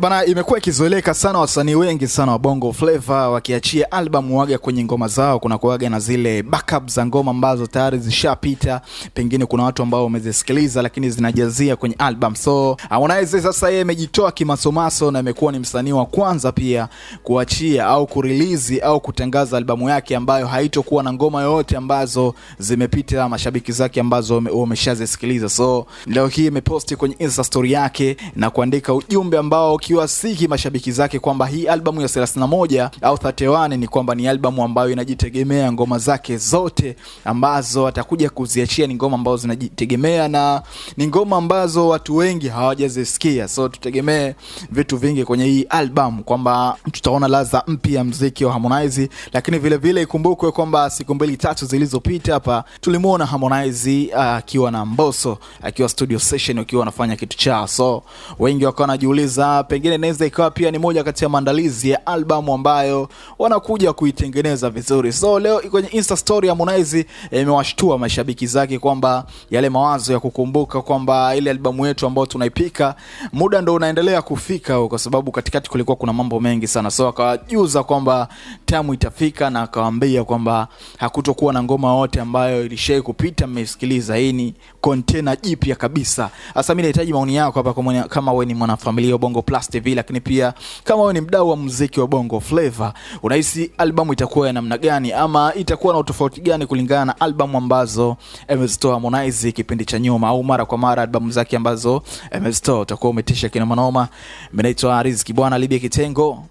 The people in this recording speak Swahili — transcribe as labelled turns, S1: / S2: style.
S1: Bana, imekuwa ikizoeleka sana wasanii wengi sana wa Bongo Flava wakiachia albamu waga kwenye ngoma zao kuna kuwaga na zile backup za ngoma ambazo tayari zishapita, pengine kuna watu ambao wamezisikiliza, lakini zinajazia kwenye album. So Harmonize sasa yeye amejitoa kimasomaso na imekuwa ni msanii wa kwanza pia kuachia au kurilizi au kutangaza albamu yake ambayo haitokuwa na ngoma yoyote ambazo zimepita mashabiki zake ambazo wameshazisikiliza. So leo hii imeposti kwenye Insta story yake na kuandika ujumbe ambao wakiwasihi mashabiki zake kwamba hii albamu ya 31 au 31 ni kwamba ni albamu ambayo inajitegemea, ngoma zake zote ambazo atakuja kuziachia ni ngoma ambazo zinajitegemea na ni ngoma ambazo watu wengi hawajazisikia, so tutegemee vitu vingi kwenye hii albamu, kwamba tutaona ladha mpya mziki wa Harmonize, lakini vile vile ikumbukwe kwamba siku mbili tatu zilizopita hapa tulimuona Harmonize uh, akiwa uh, na mboso akiwa studio session akiwa anafanya kitu chao, so wengi wakawa wanajiuliza pengine inaweza ikawa pia ni moja kati ya maandalizi albamu ambayo wanakuja kuitengeneza vizuri. So leo kwenye Insta story ya Harmonize eh, imewashtua eh, mashabiki zake kwamba yale mawazo ya kukumbuka kwamba ile albamu yetu ambayo tunaipika muda ndo unaendelea kufika, huko, kwa sababu katikati kulikuwa kuna mambo mengi sana, so akawajuza kwamba tamu itafika, na akawaambia kwamba hakutokuwa na ngoma yote ambayo ilishai kupita mmeisikiliza. Hii ni kontena jipya kabisa. Sasa mimi nahitaji maoni yako hapa, kama wewe ni mwanafamilia wa Bongo Plus TV, lakini pia kama wewe ni mdau wa muziki muziki wa bongo flava, unahisi albamu itakuwa ya namna gani ama itakuwa na utofauti gani kulingana na albamu ambazo amezitoa Harmonize kipindi cha nyuma au mara kwa mara albamu zake ambazo amezitoa? Utakuwa umetisha kina manoma. Mimi naitwa Riziki bwana Libia Kitengo.